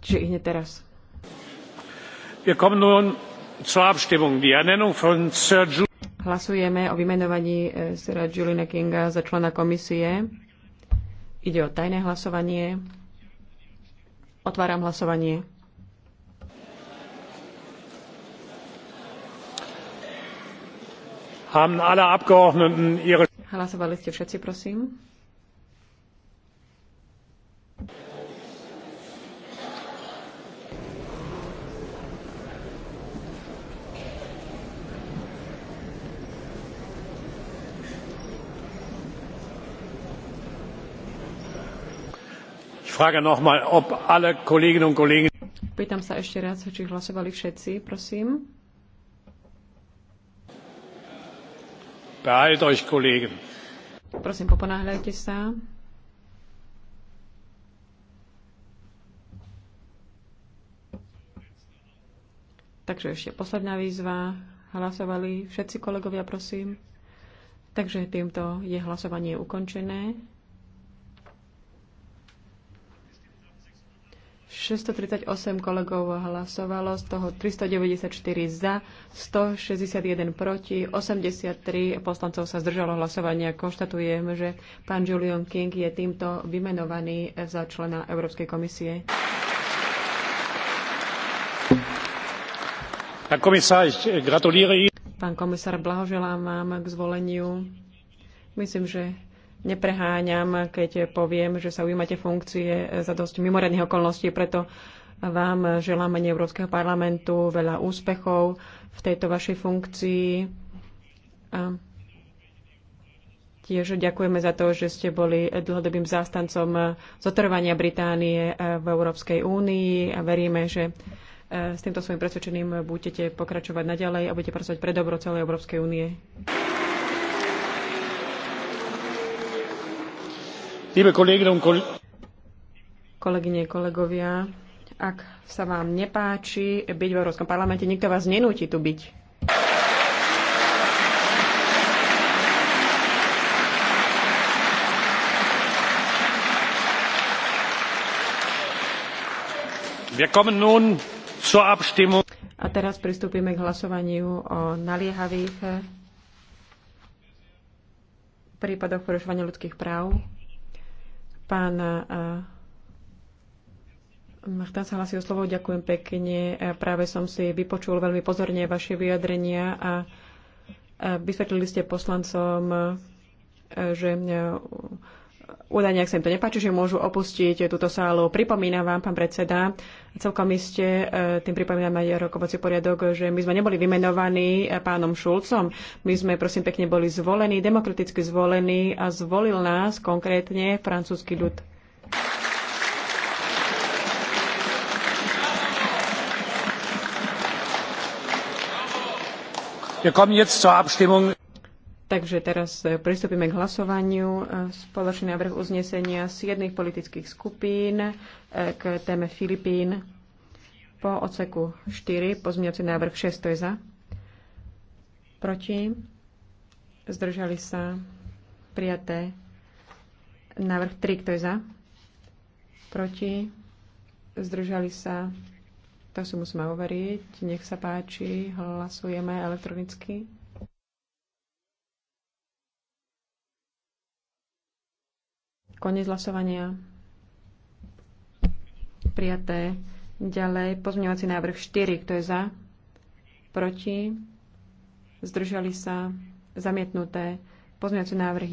Čiže i hneď teraz. Hlasujeme o vymenovaní e, Sera Juliana Kinga za člena komisie. Ide o tajné hlasovanie. Otváram hlasovanie. Hlasovali ste všetci, prosím. Pýtam sa ešte raz, či hlasovali všetci, prosím. euch, Kollegen. Prosím, poponáhľajte sa. Takže ešte posledná výzva. Hlasovali všetci kolegovia, prosím. Takže týmto je hlasovanie ukončené. 638 kolegov hlasovalo, z toho 394 za, 161 proti, 83 poslancov sa zdržalo hlasovania. Konštatujem, že pán Julian King je týmto vymenovaný za člena Európskej komisie. Äh, pán komisár, blahoželám vám k zvoleniu. Myslím, že nepreháňam, keď poviem, že sa ujímate funkcie za dosť mimoriadných okolností, preto vám želám menej Európskeho parlamentu veľa úspechov v tejto vašej funkcii. A tiež ďakujeme za to, že ste boli dlhodobým zástancom zotrvania Británie v Európskej únii a veríme, že e, s týmto svojim presvedčením budete pokračovať naďalej a budete pracovať pre dobro celej Európskej únie. Kolegyne, kolegovia, ak sa vám nepáči byť v Európskom parlamente, nikto vás nenúti tu byť. A teraz pristúpime k hlasovaniu o naliehavých prípadoch porušovania ľudských práv. Pán eh, Machtan sa hlasí o slovo. Ďakujem pekne. Práve som si vypočul veľmi pozorne vaše vyjadrenia a vysvetlili ste poslancom, eh, že eh, údajne, ak sa im to nepáči, že môžu opustiť túto sálu. Pripomínam vám, pán predseda, celkom iste, e, tým pripomínam aj rokovací poriadok, že my sme neboli vymenovaní e, pánom Šulcom. My sme, prosím pekne, boli zvolení, demokraticky zvolení a zvolil nás konkrétne francúzsky ľud. Wir kommen jetzt zur Abstimmung. Takže teraz e, pristúpime k hlasovaniu. E, Spoločný návrh uznesenia jedných politických skupín e, k téme Filipín po odseku 4, pozmiaci návrh 6, to je za. Proti. Zdržali sa. Prijaté. Návrh 3, kto je za? Proti. Zdržali sa. To si musíme overiť. Nech sa páči. Hlasujeme elektronicky. Konec hlasovania. Prijaté. Ďalej pozmeňovací návrh 4. Kto je za? Proti? Zdržali sa? Zamietnuté. Pozmeňovací návrh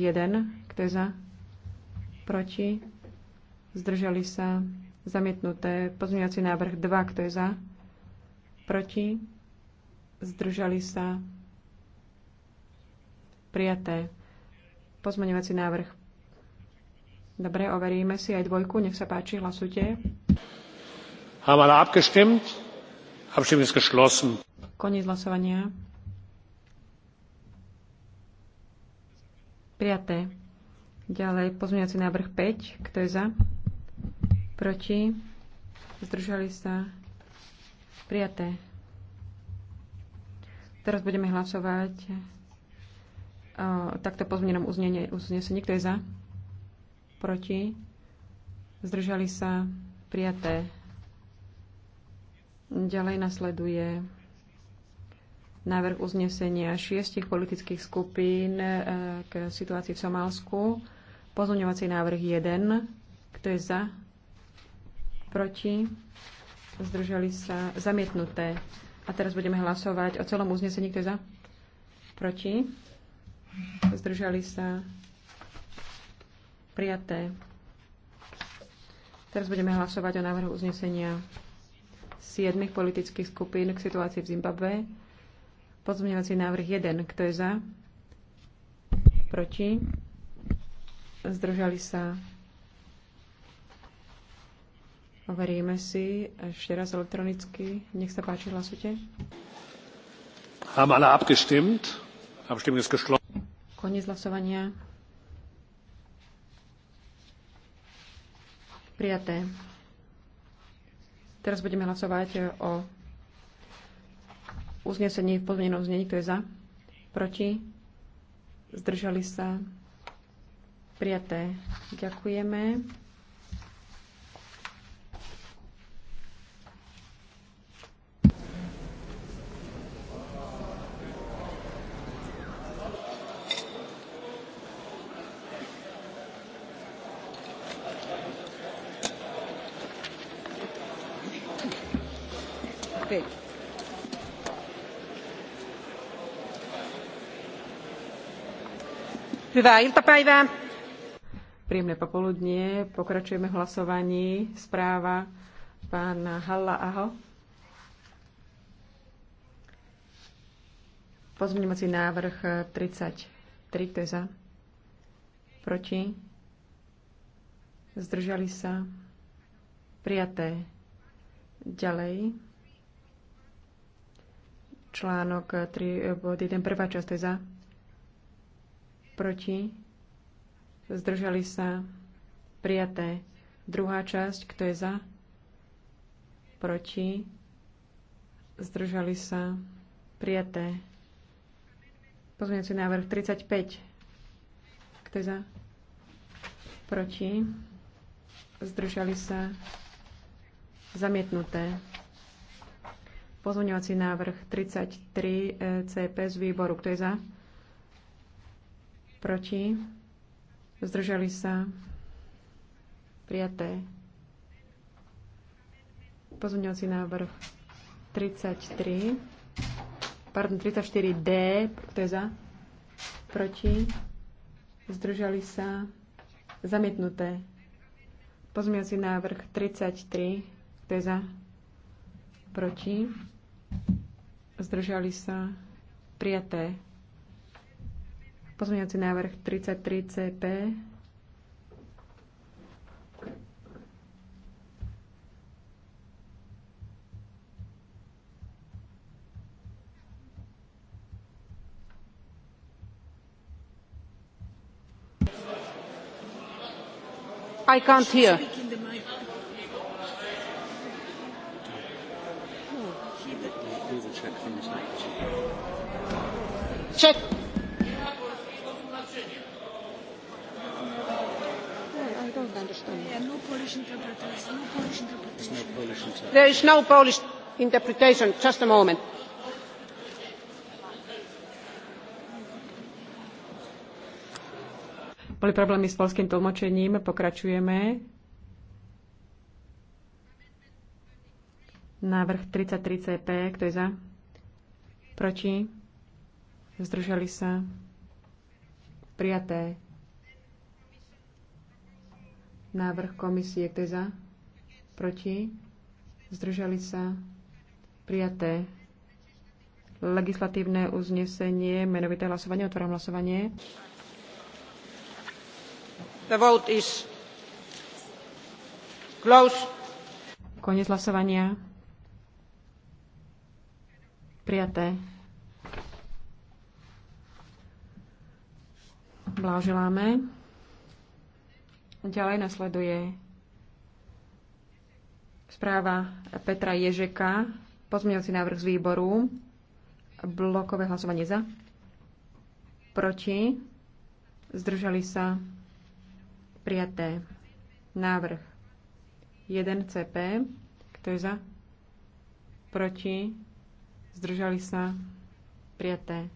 1. Kto je za? Proti? Zdržali sa? Zamietnuté. Pozmeňovací návrh 2. Kto je za? Proti? Zdržali sa? Prijaté. Pozmeňovací návrh Dobre, overíme si aj dvojku. Nech sa páči, hlasujte. Haben alle abgestimmt? Abstimmung ist geschlossen. Koniec hlasovania. Prijaté. Ďalej pozmeňací návrh 5. Kto je za? Proti? Zdržali sa? Prijaté. Teraz budeme hlasovať o eh, takto pozmenenom uznesení. Kto je za? proti, zdržali sa prijaté. Ďalej nasleduje návrh uznesenia šiestich politických skupín e, k situácii v Somálsku. pozorňovací návrh 1. Kto je za? Proti? Zdržali sa? Zamietnuté. A teraz budeme hlasovať o celom uznesení. Kto je za? Proti? Zdržali sa? Prijaté. Teraz budeme hlasovať o návrhu uznesenia siedmých politických skupín k situácii v Zimbabve. Pozmeňovací návrh 1. Kto je za? Proti? Zdržali sa? Overíme si ešte raz elektronicky. Nech sa páči, hlasujte. Haben alle abgestimmt? Abstimmung ist geschlossen. Koniec hlasovania. Prijaté. Teraz budeme hlasovať o uznesení v pozmenenom znení. Kto je za? Proti? Zdržali sa? Prijaté. Ďakujeme. Hyvää iltapäivää. Príjemné popoludnie. Pokračujeme v hlasovaní. Správa pána Halla Aho. Pozmeňovací návrh 33. to je za? Proti? Zdržali sa? Prijaté. Ďalej. Článok 3, bod 1, prvá časť, to je za proti, zdržali sa, prijaté. Druhá časť, kto je za, proti, zdržali sa, prijaté. Pozmeňujúci návrh 35. Kto je za? Proti. Zdržali sa. Zamietnuté. Pozmeňovací návrh 33 e, CP z výboru. Kto je za? proti, zdržali sa, prijaté. si návrh 33, pardon, 34D, kto je za, proti, zdržali sa, zamietnuté. si návrh 33, kto je za, proti, zdržali sa, prijaté. Pozmeňovací návrh 33 CP. I can't hear. Check. No no no There is no Polish interpretation. Just a moment. Boli problémy s polským tlmočením. Pokračujeme. Návrh 33 CP. Kto je za? Proti? Zdržali sa? Prijaté. Návrh komisie, kto je za? Proti? Zdržali sa? Prijaté. Legislatívne uznesenie, menovité hlasovanie, otváram hlasovanie. The vote is closed. Konec hlasovania. Prijaté. Blážiláme. Ďalej nasleduje správa Petra Ježeka, pozmeňovací návrh z výboru, blokové hlasovanie za, proti, zdržali sa, prijaté. Návrh 1CP, kto je za, proti, zdržali sa, prijaté.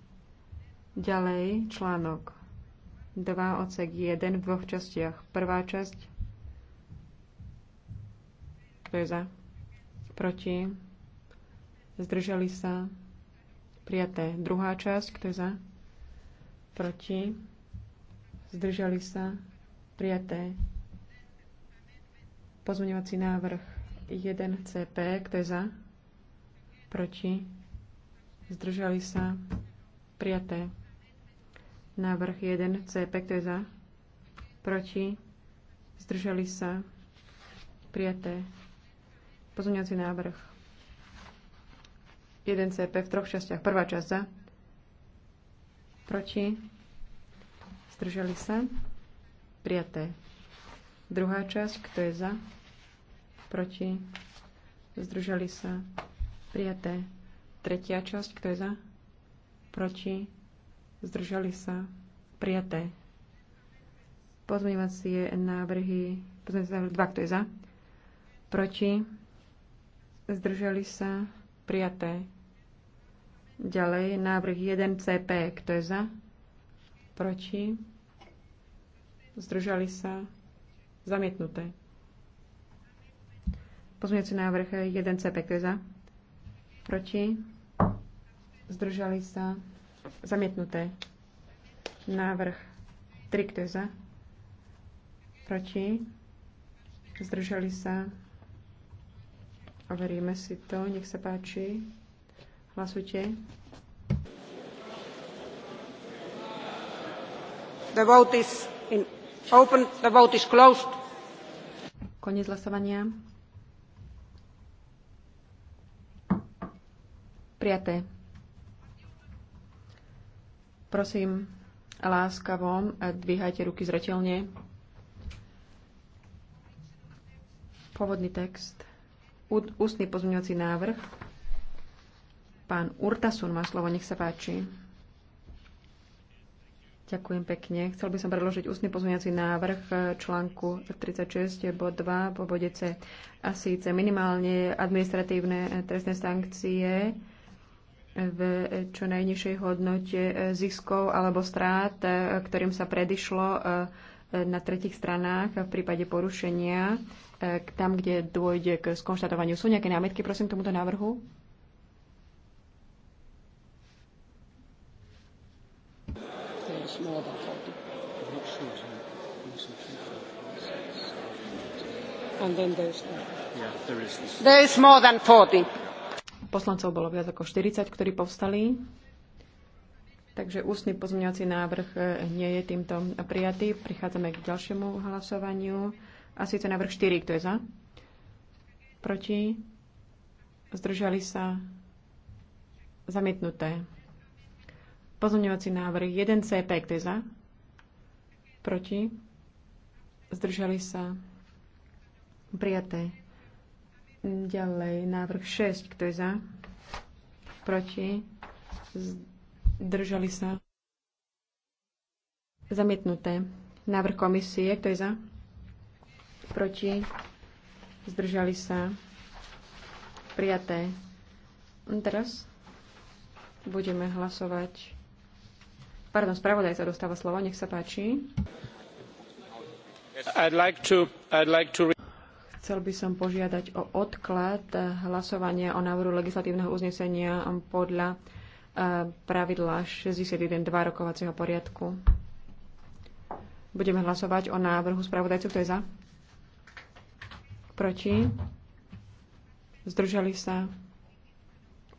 Ďalej článok 2 odsek 1 v dvoch častiach. Prvá časť. Kto je za? Proti? Zdržali sa? Prijaté. Druhá časť. Kto je za? Proti? Zdržali sa? Prijaté. Pozmeňovací návrh 1 CP. Kto je za? Proti? Zdržali sa? Prijaté. Návrh 1 CP, kto je za? Proti? Zdržali sa? Prijaté. Pozmeňovací návrh 1 CP v troch častiach. Prvá časť za? Proti? Zdržali sa? Prijaté. Druhá časť, kto je za? Proti? Zdržali sa? Prijaté. Tretia časť, kto je za? Proti? zdržali sa, prijaté. Pozmeňovacie návrhy, pozmeňovacie návrhy 2, kto je za, proti, zdržali sa, prijaté. Ďalej návrh 1 CP, kto je za, proti, zdržali sa, zamietnuté. Pozmeňujúci návrh 1 CP, kto je za, proti, zdržali sa, Zamietnuté. Návrh 3, kto je za? Proti? Zdržali sa? Overíme si to. Nech sa páči. Hlasujte. The vote is in open. The vote is closed. Koniec hlasovania. Prijaté. Prosím, láskavo, dvíhajte ruky zretelne. Pôvodný text. Ústny pozmeňovací návrh. Pán Urtasun má slovo, nech sa páči. Ďakujem pekne. Chcel by som predložiť ústny pozmeňovací návrh článku 36 bod 2 po bode C a síce minimálne administratívne trestné sankcie v čo najnižšej hodnote e, ziskov alebo strát, e, ktorým sa predišlo e, na tretich stranách v prípade porušenia, tam, kde dôjde k skonštatovaniu. Sú nejaké námietky, prosím, k tomuto návrhu? Yeah, There is more than 40. Poslancov bolo viac ako 40, ktorí povstali. Takže ústny pozmeňovací návrh e, nie je týmto prijatý. Prichádzame k ďalšiemu hlasovaniu. A síce návrh 4, kto je za? Proti? Zdržali sa? Zamietnuté. Pozmeňovací návrh 1CP, kto je za? Proti? Zdržali sa? Prijaté. Ďalej, návrh 6. Kto je za? Proti? Zdržali sa? Zamietnuté. Návrh komisie. Kto je za? Proti? Zdržali sa? Prijaté. Teraz budeme hlasovať. Pardon, spravodajca dostáva slovo. Nech sa páči. I'd like to, I'd like to Chcel by som požiadať o odklad hlasovania o návrhu legislatívneho uznesenia podľa e, pravidla 61.2 rokovacieho poriadku. Budeme hlasovať o návrhu spravodajcu. Kto je za? Proti? Zdržali sa?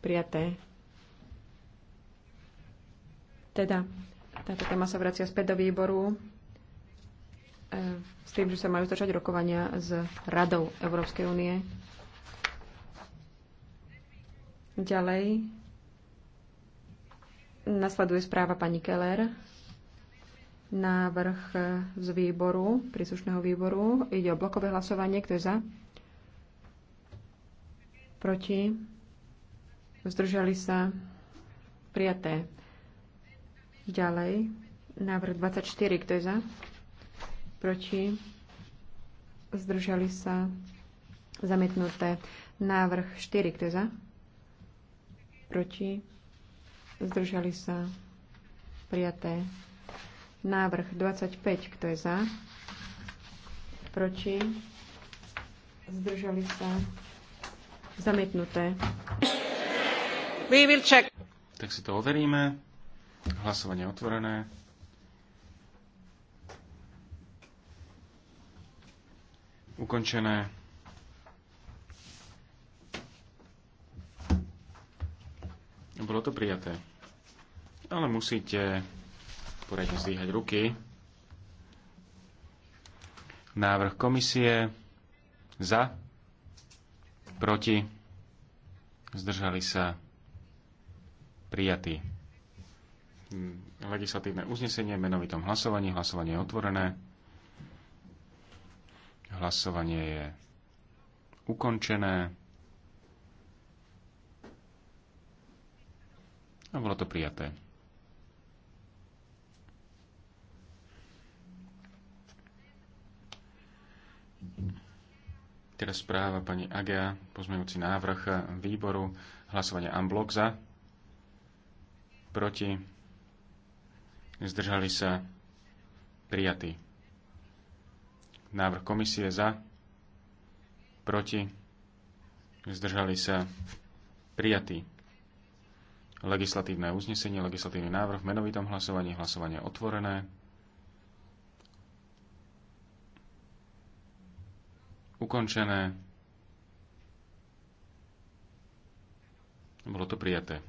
Prijaté. Teda, táto téma sa vracia späť do výboru s tým, že sa majú začať rokovania s Radou Európskej únie. Ďalej nasleduje správa pani Keller. Návrh z výboru, príslušného výboru. Ide o blokové hlasovanie. Kto je za? Proti? Zdržali sa? Prijaté. Ďalej. Návrh 24. Kto je za? proti, zdržali sa, zamietnuté. Návrh 4, kto je za? Proti, zdržali sa, prijaté. Návrh 25, kto je za? Proti, zdržali sa, zamietnuté. We will check. Tak si to overíme. Hlasovanie otvorené. ukončené. Bolo to prijaté. Ale musíte poriadne zdvíhať ruky. Návrh komisie za, proti, zdržali sa prijatí. Legislatívne uznesenie, menovitom hlasovaní, hlasovanie je otvorené. Hlasovanie je ukončené. A bolo to prijaté. Teraz správa pani Agea, pozmejúci návrh výboru, hlasovanie unblock za, proti, zdržali sa, prijatí návrh komisie za, proti, zdržali sa prijatí. Legislatívne uznesenie, legislatívny návrh v menovitom hlasovaní, hlasovanie otvorené. Ukončené. Bolo to prijaté.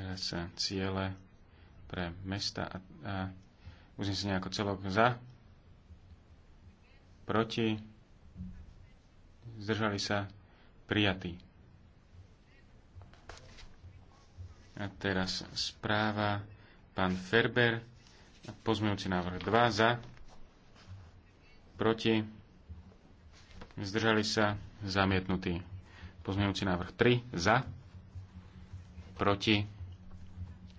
teraz ciele pre mesta a, a uznesenie ako celok za, proti, zdržali sa, prijatí. A teraz správa pán Ferber, pozmejúci návrh 2 za, proti, zdržali sa, zamietnutí. Pozmejúci návrh 3 za, proti,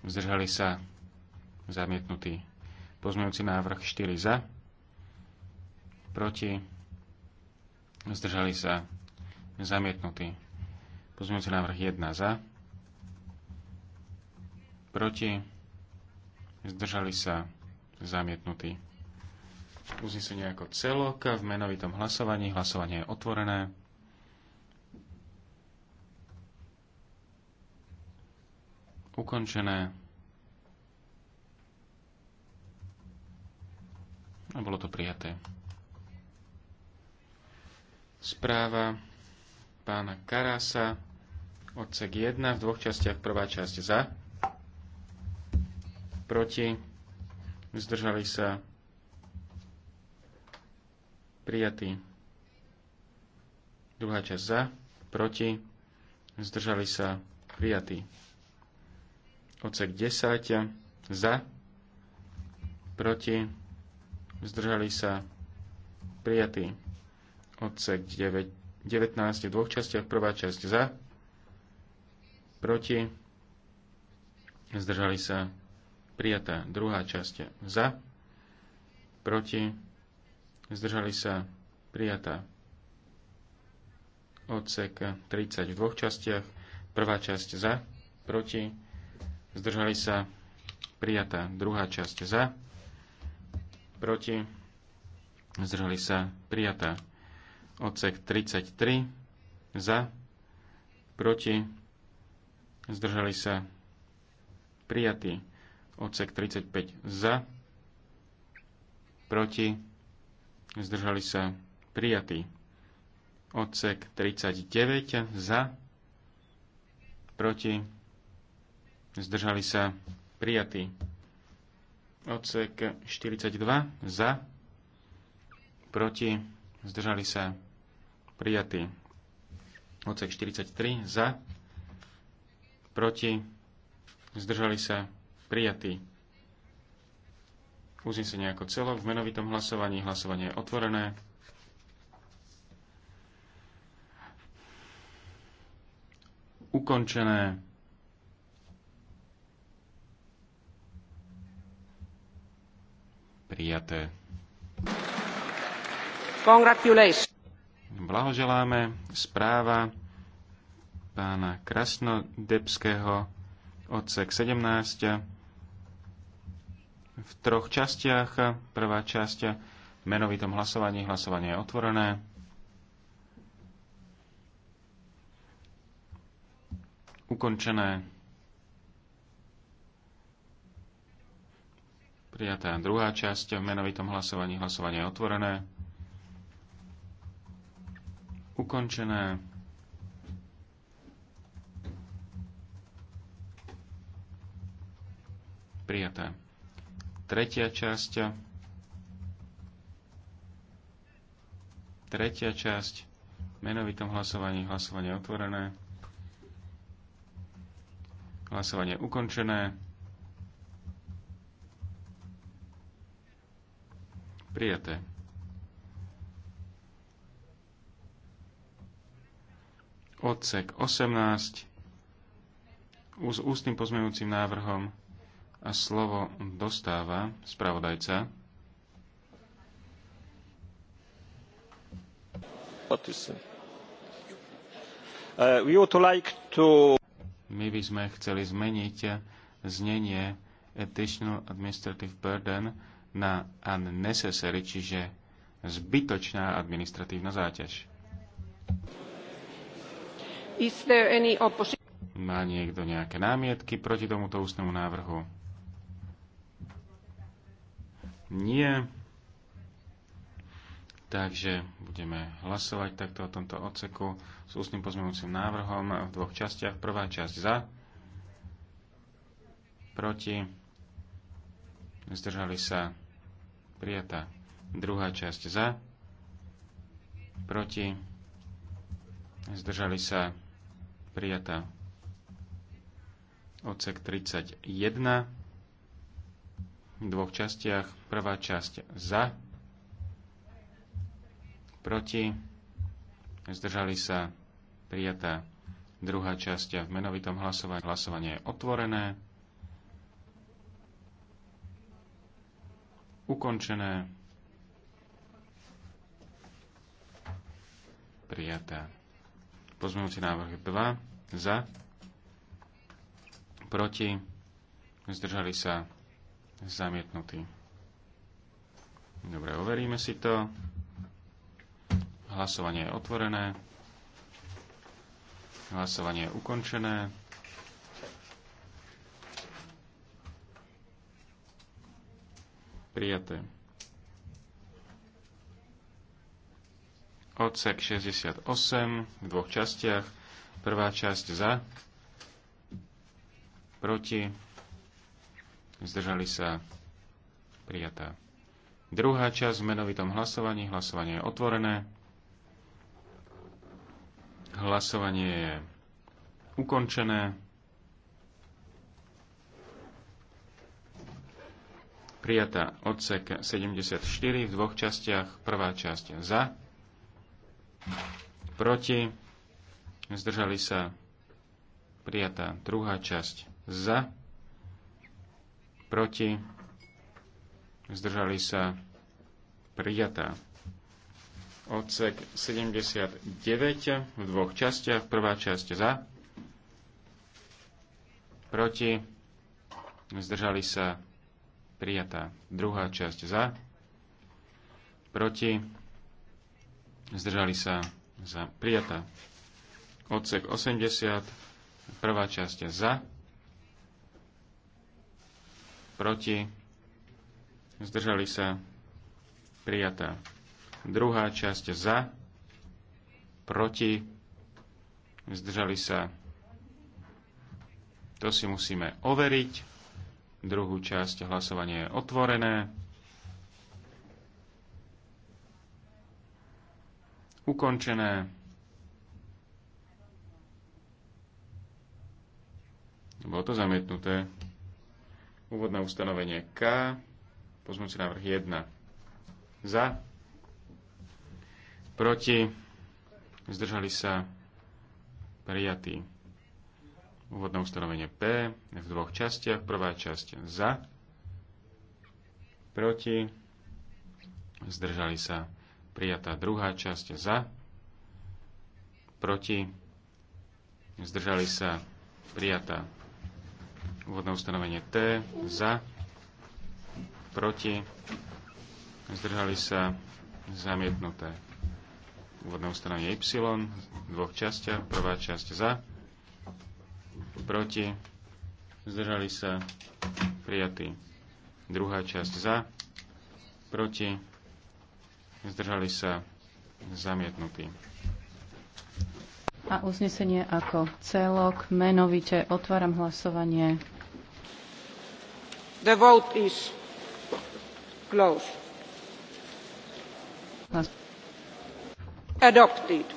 zdržali sa zamietnutý pozmeňujúci návrh 4 za, proti, zdržali sa zamietnutý pozmeňujúci návrh 1 za, proti, zdržali sa zamietnutý uznesenie ako celok v menovitom hlasovaní. Hlasovanie je otvorené. ukončené. A bolo to prijaté. Správa pána Karasa, odsek 1 v dvoch častiach, prvá časť za, proti, zdržali sa, prijatí, Druhá časť za, proti, zdržali sa, prijatí odsek 10 za, proti, zdržali sa prijatý odsek 9, 19 v dvoch častiach, prvá časť za, proti, zdržali sa prijatá druhá časť za, proti, zdržali sa prijatá odsek 30 v dvoch častiach, prvá časť za, proti, zdržali sa, prijatá druhá časť za, proti, zdržali sa, prijatá odsek 33 za, proti, zdržali sa, prijatý odsek 35 za, proti, zdržali sa, prijatý odsek 39 za, proti, zdržali sa prijatí. Odsek 42 za, proti, zdržali sa prijatí. Odsek 43 za, proti, zdržali sa prijatí. Uznesenie ako celok v menovitom hlasovaní. Hlasovanie je otvorené. Ukončené. prijaté. Blahoželáme správa pána Krasnodebského odsek 17 v troch častiach. Prvá časť menovitom hlasovaní. Hlasovanie je otvorené. Ukončené. Prijatá druhá časť v menovitom hlasovaní. Hlasovanie je otvorené. Ukončené. Prijatá. Tretia časť. Tretia časť. V menovitom hlasovaní. Hlasovanie je otvorené. Hlasovanie je ukončené. Prijaté. Odsek 18 s ústnym pozmeňujúcim návrhom a slovo dostáva spravodajca. Uh, My by sme chceli zmeniť eh, znenie additional administrative burden na unnecessary, čiže zbytočná administratívna záťaž. Is there any Má niekto nejaké námietky proti tomuto ústnemu návrhu? Nie. Takže budeme hlasovať takto o tomto odseku s ústnym pozmeňujúcim návrhom v dvoch častiach. Prvá časť za, proti, zdržali sa prijatá. Druhá časť za, proti, zdržali sa, prijatá. Odsek 31 v dvoch častiach. Prvá časť za, proti, zdržali sa, prijatá. Druhá časť v menovitom hlasovaní. Hlasovanie je otvorené. ukončené. Prijaté. Pozmeňujúci návrh 2 za, proti, zdržali sa, zamietnutí. Dobre, overíme si to. Hlasovanie je otvorené. Hlasovanie je ukončené. prijaté. Odsek 68 v dvoch častiach. Prvá časť za, proti, zdržali sa, prijatá. Druhá časť v menovitom hlasovaní. Hlasovanie je otvorené. Hlasovanie je ukončené. prijatá odsek 74 v dvoch častiach. Prvá časť za, proti, zdržali sa prijatá druhá časť za, proti, zdržali sa prijatá. Odsek 79 v dvoch častiach. Prvá časť za, proti, zdržali sa prijatá. Druhá časť za, proti, zdržali sa za prijatá. Odsek 80, prvá časť za, proti, zdržali sa prijatá. Druhá časť za, proti, zdržali sa. To si musíme overiť. Druhú časť hlasovanie je otvorené. Ukončené. Bolo to zamietnuté. Úvodné ustanovenie K. Pozmúci návrh 1. Za. Proti. Zdržali sa prijatí úvodné ustanovenie P v dvoch častiach. Prvá časť za, proti, zdržali sa prijatá druhá časť za, proti, zdržali sa prijatá úvodné ustanovenie T za, proti, zdržali sa zamietnuté úvodné ustanovenie Y v dvoch častiach. Prvá časť za, proti, zdržali sa, prijatí. Druhá časť za, proti, zdržali sa, zamietnutí. A uznesenie ako celok, menovite, otváram hlasovanie. The vote is closed. Adopted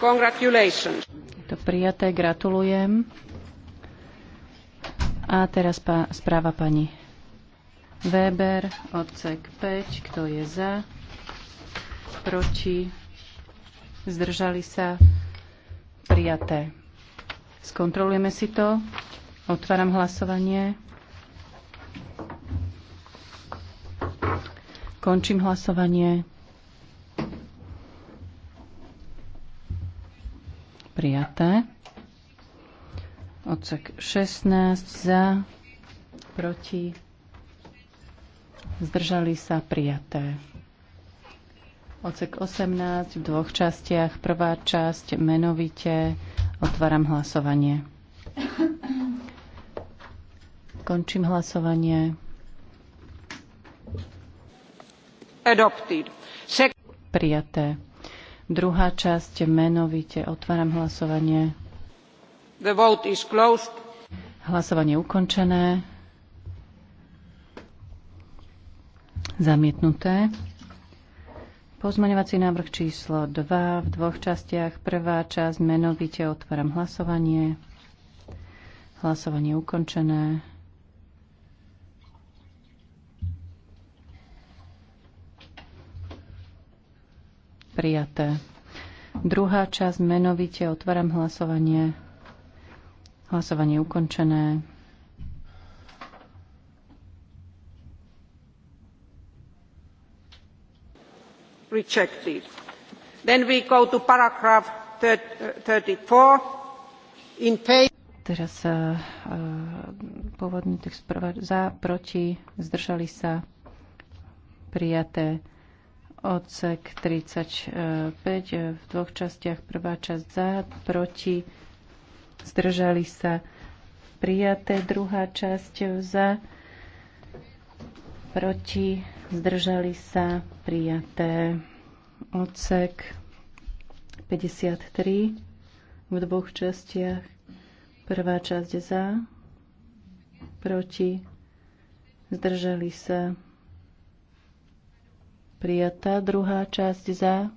Congratulations. Je to prijaté, gratulujem. A teraz pá, správa pani Weber, odsek 5, kto je za, proti, zdržali sa, prijaté. Skontrolujeme si to. Otváram hlasovanie. Končím hlasovanie. prijaté. Odsek 16 za, proti, zdržali sa prijaté. Odsek 18 v dvoch častiach. Prvá časť menovite. Otváram hlasovanie. Končím hlasovanie. Adopted. Prijaté. Druhá časť menovite. Otváram hlasovanie. The vote is closed. Hlasovanie ukončené. Zamietnuté. Pozmaňovací návrh číslo 2 v dvoch častiach. Prvá časť menovite otváram hlasovanie. Hlasovanie ukončené. prijaté. Druhá časť menovite otváram hlasovanie. Hlasovanie ukončené. Rejected. Then we go to paragraph 34. In pay Teraz uh, pôvodný text za, proti, zdržali sa, prijaté odsek 35 e, v dvoch častiach. Prvá časť za, proti, zdržali sa prijaté. Druhá časť za, proti, zdržali sa prijaté. Odsek 53 v dvoch častiach. Prvá časť za, proti, zdržali sa prijaté prijatá. Druhá časť za,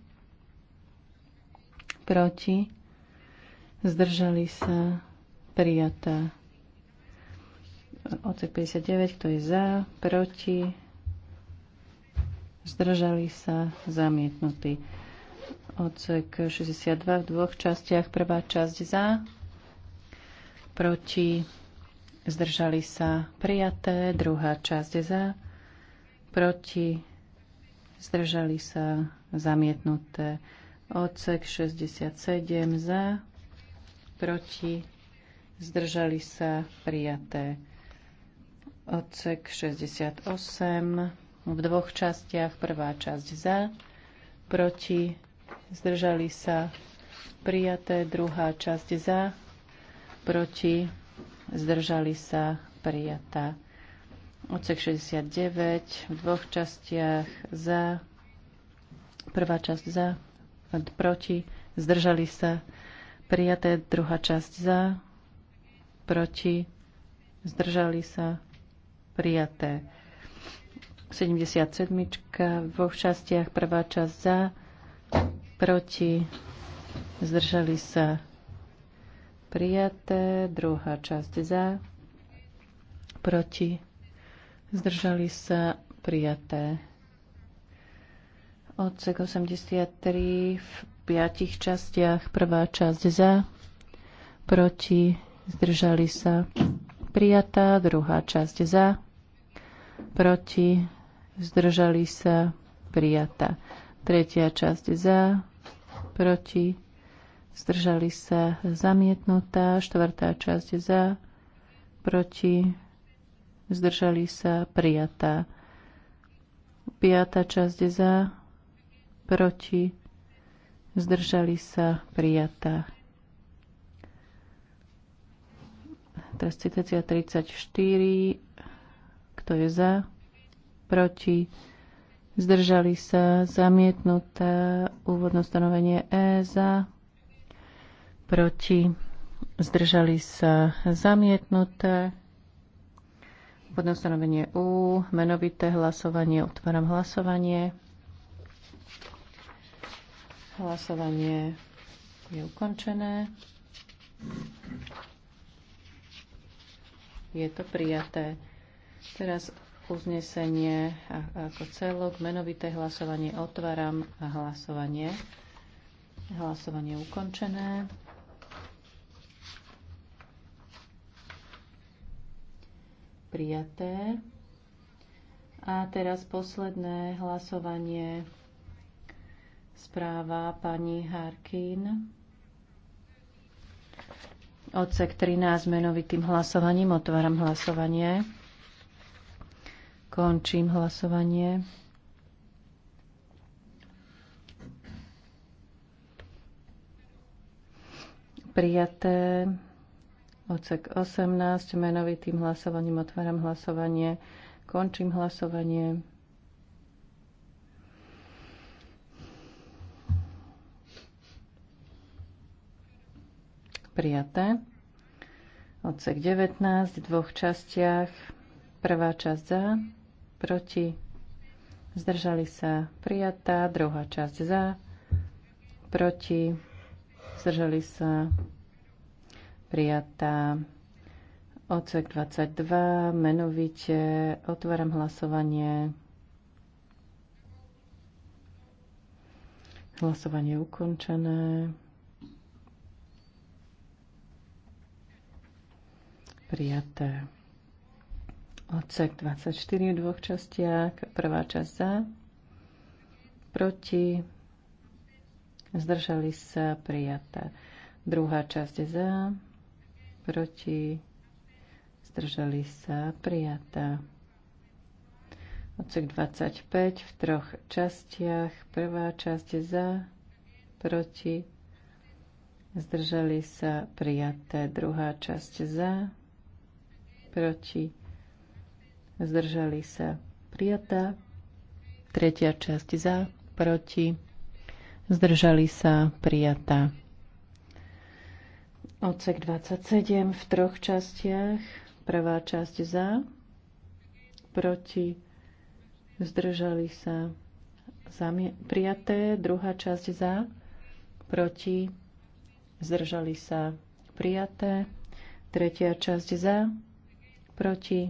proti, zdržali sa, prijatá. Odsek 59, kto je za, proti, zdržali sa, zamietnutý. Odsek 62 v dvoch častiach. Prvá časť za, proti, zdržali sa, prijaté. Druhá časť za, proti, zdržali sa zamietnuté. Odsek 67 za, proti, zdržali sa prijaté. Odsek 68 v dvoch častiach. Prvá časť za, proti, zdržali sa prijaté. Druhá časť za, proti, zdržali sa prijatá. Odsek 69 v dvoch častiach za. Prvá časť za, proti, zdržali sa. Prijaté druhá časť za, proti, zdržali sa. Prijaté. 77. v dvoch častiach, prvá časť za, proti, zdržali sa prijaté, druhá časť za, proti, Zdržali sa prijaté. Odsek 83 v piatich častiach. Prvá časť za, proti, zdržali sa. Prijatá druhá časť za, proti, zdržali sa. Prijatá. Tretia časť za, proti, zdržali sa. Zamietnutá. Štvrtá časť za, proti, zdržali sa, prijatá. Piatá časť za, proti, zdržali sa, prijatá. Teraz citácia 34. Kto je za? Proti? Zdržali sa? Zamietnuté? Úvodné stanovenie E za? Proti? Zdržali sa? Zamietnuté? Úvodné stanovenie e U, menovité hlasovanie, otváram hlasovanie. Hlasovanie je ukončené. Je to prijaté. Teraz uznesenie ako celok, menovité hlasovanie otváram a hlasovanie. Hlasovanie ukončené. prijaté. A teraz posledné hlasovanie správa pani Harkin. Odsek 13 menovitým hlasovaním. Otváram hlasovanie. Končím hlasovanie. Prijaté. Odsek 18, menovitým hlasovaním otváram hlasovanie, končím hlasovanie. Prijaté. Odsek 19 v dvoch častiach. Prvá časť za, proti, zdržali sa, prijatá. Druhá časť za, proti, zdržali sa, prijatá. Ocek 22, menovite, otváram hlasovanie. Hlasovanie ukončené. Prijaté. Ocek 24 v dvoch častiach. Prvá časť za. Proti. Zdržali sa. Prijaté. Druhá časť za proti, zdržali sa, prijatá. Odsek 25 v troch častiach. Prvá časť za, proti, zdržali sa, prijaté. Druhá časť za, proti, zdržali sa, prijatá. Tretia časť za, proti, zdržali sa, prijatá. Odsek 27 v troch častiach. Prvá časť za, proti, zdržali sa prijaté. Druhá časť za, proti, zdržali sa prijaté. Tretia časť za, proti,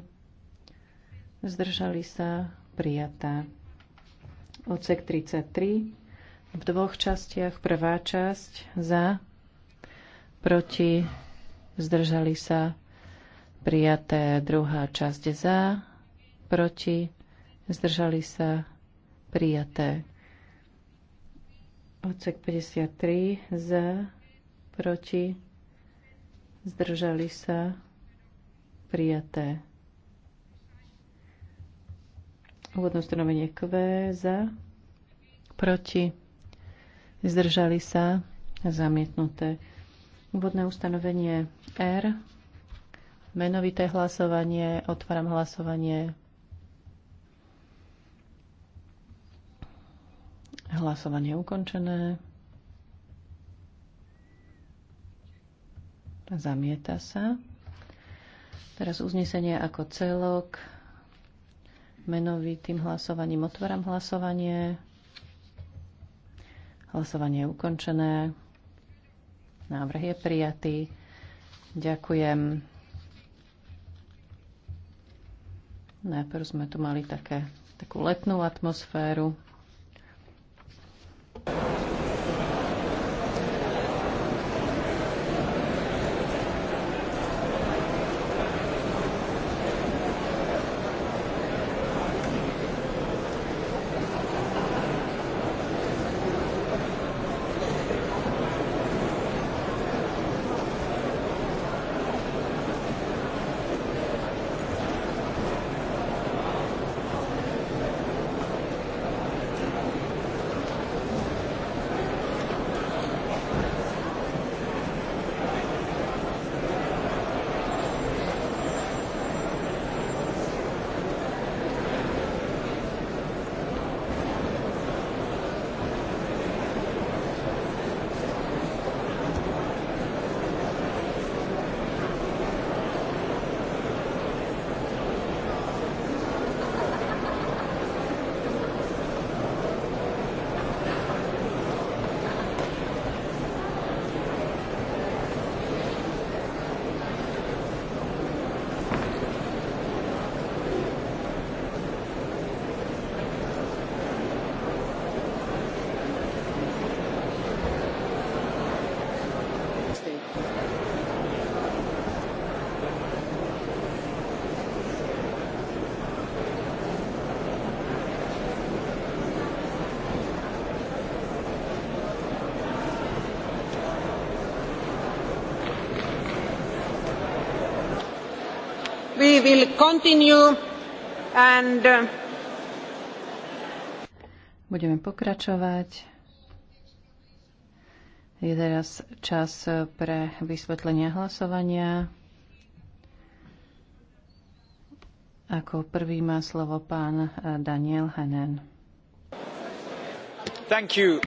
zdržali sa prijatá. Odsek 33 v dvoch častiach. Prvá časť za, proti, zdržali sa, prijaté druhá časť za, proti, zdržali sa, prijaté. Odsek 53 za, proti, zdržali sa, prijaté. Úvodné ustanovenie Q za, proti, zdržali sa, zamietnuté. Úvodné ustanovenie R. Menovité hlasovanie. Otváram hlasovanie. Hlasovanie ukončené. Zamieta sa. Teraz uznesenie ako celok. Menovitým hlasovaním otváram hlasovanie. Hlasovanie je ukončené. Návrh je prijatý. Ďakujem. Najprv sme tu mali také, takú letnú atmosféru. will continue and uh, Budeme pokračovať. Je teraz čas pre vysvetlenie hlasovania. Ako prvý má slovo pán Daniel Henen. Thank you.